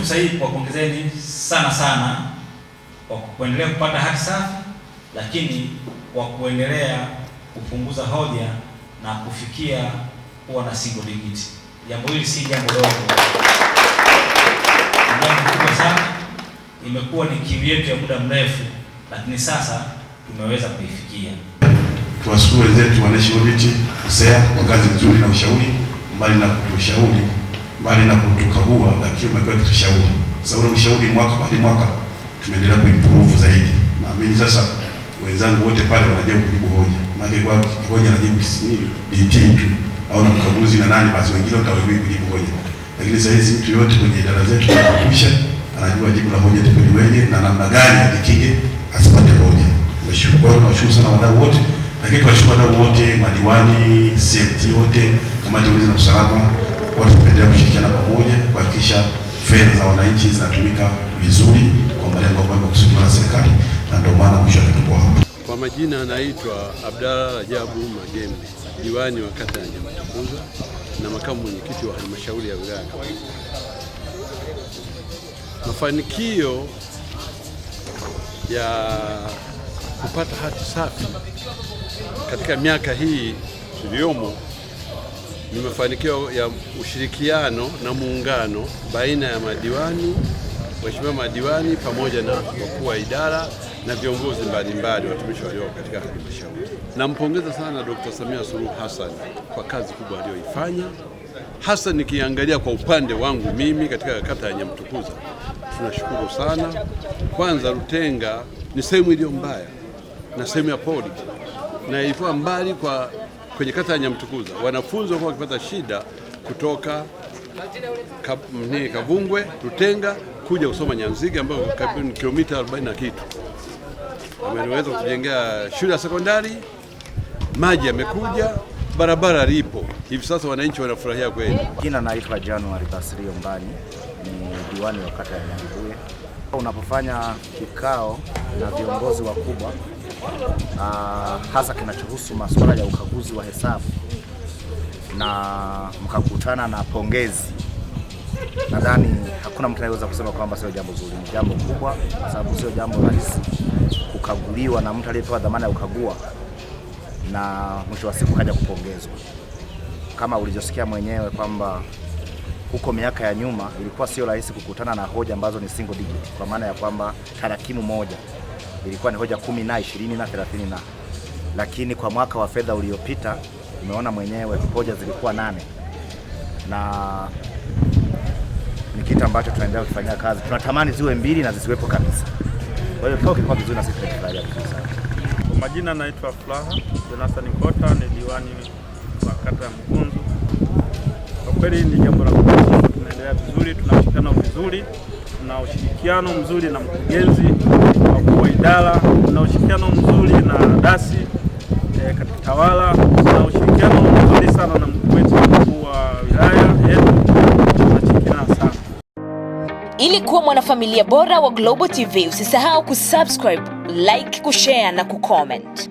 fursa hii kwa kuongezeni sana sana kwa kuendelea kupata haki safi, lakini kwa kuendelea kupunguza hoja na kufikia kuwa na single digit. Jambo hili si jambo dogo, jambo kubwa sana. Imekuwa ni kiu yetu ya muda mrefu, lakini sasa tumeweza kuifikia. Tuwashukuru wenzetu wananchi wote USEA kwa kazi nzuri na ushauri, mbali na kutushauri bali na kutukagua, lakini umekuwa kitushauri. Sasa ule ushauri mwaka baada mwaka tumeendelea kuimprove zaidi. Naamini sasa wenzangu wote pale wanajibu kujibu hoja, maana kwa hoja najibu DT tu au na mkaguzi na nani, basi wengine wataweza kujibu hoja, lakini sasa hizi mtu yote kwenye idara zetu tunakwisha anajua jibu la hoja tupeni wenye na namna gani ajikinge asipate hoja. Nashukuru na washukuru sana wadau wote, lakini tunashukuru wadau wote, madiwani, safety wote, kamati ya ulinzi na usalama watu kuendelea kushirikiana pamoja kuhakikisha fedha za wananchi zinatumika vizuri kwa malengo ambayo yamekusudiwa na serikali, na ndio maana mwisho wake hapa. Kwa majina anaitwa Abdalla Rajabu Magembe, diwani wa kata ya Nyamatumbuza na makamu mwenyekiti wa halmashauri ya wilaya ya Mafanikio ya kupata hati safi katika miaka hii tuliyomo ni mafanikio ya ushirikiano na muungano baina ya madiwani, waheshimiwa madiwani pamoja na wakuu wa idara na viongozi mbalimbali watumishi walioko katika halmashauri. Nampongeza sana Dkt. Samia Suluhu Hassan kwa kazi kubwa aliyoifanya, hasa nikiangalia kwa upande wangu mimi katika kata ya Nyamtukuza. Tunashukuru sana. Kwanza, Rutenga ni sehemu iliyo mbaya na sehemu ya pori na ilikuwa mbali kwa kwenye kata ya Nyamtukuza wanafunzi walikuwa wakipata shida kutoka ka, mne, Kavungwe Rutenga kuja kusoma Nyanzige ambayo ni kilomita 40 na kitu. Wameweza kujengea shule ya sekondari, maji yamekuja, barabara lipo hivi sasa, wananchi wanafurahia kweli. Jina naitwa Januari Basrio Mbani, ni diwani wa kata ya Nyang'hule. Unapofanya kikao na viongozi wakubwa uh, hasa kinachohusu masuala ya ukaguzi wa hesabu na mkakutana na pongezi, nadhani hakuna mtu anayeweza kusema kwamba sio jambo zuri. Ni jambo kubwa, kwa sababu sio jambo rahisi kukaguliwa na mtu aliyepewa dhamana ya ukagua na mwisho wa siku haja kupongezwa. Kama ulivyosikia mwenyewe kwamba huko miaka ya nyuma ilikuwa sio rahisi kukutana na hoja ambazo ni single digit, kwa maana ya kwamba tarakimu moja ilikuwa ni hoja kumi na ishirini na thelathini na lakini kwa mwaka wa fedha uliopita umeona mwenyewe hoja zilikuwa nane na ni kitu ambacho tunaendelea kufanyia kazi. Tunatamani ziwe mbili na zisiwepo kabisa. Kwa hiyo kikao kizuri na sisi tunafurahia kabisa. Kwa majina naitwa Furaha Jonathan Kota, ni diwani wa kata ya Mkunzu. Kwa kweli ni jambo la tunaendelea vizuri, tuna vizuri, tuna ushirikiano mzuri na mkurugenzi, wakuu wa idara, tuna ushirikiano mzuri na dasi e, katika tawala, tuna ushirikiano mzuri sana na mkuu wetu mkuu wa wilaya yetu, tunashirikiana sana. Ili kuwa mwanafamilia bora wa Global TV, usisahau kusubscribe, like, kushare na kucomment.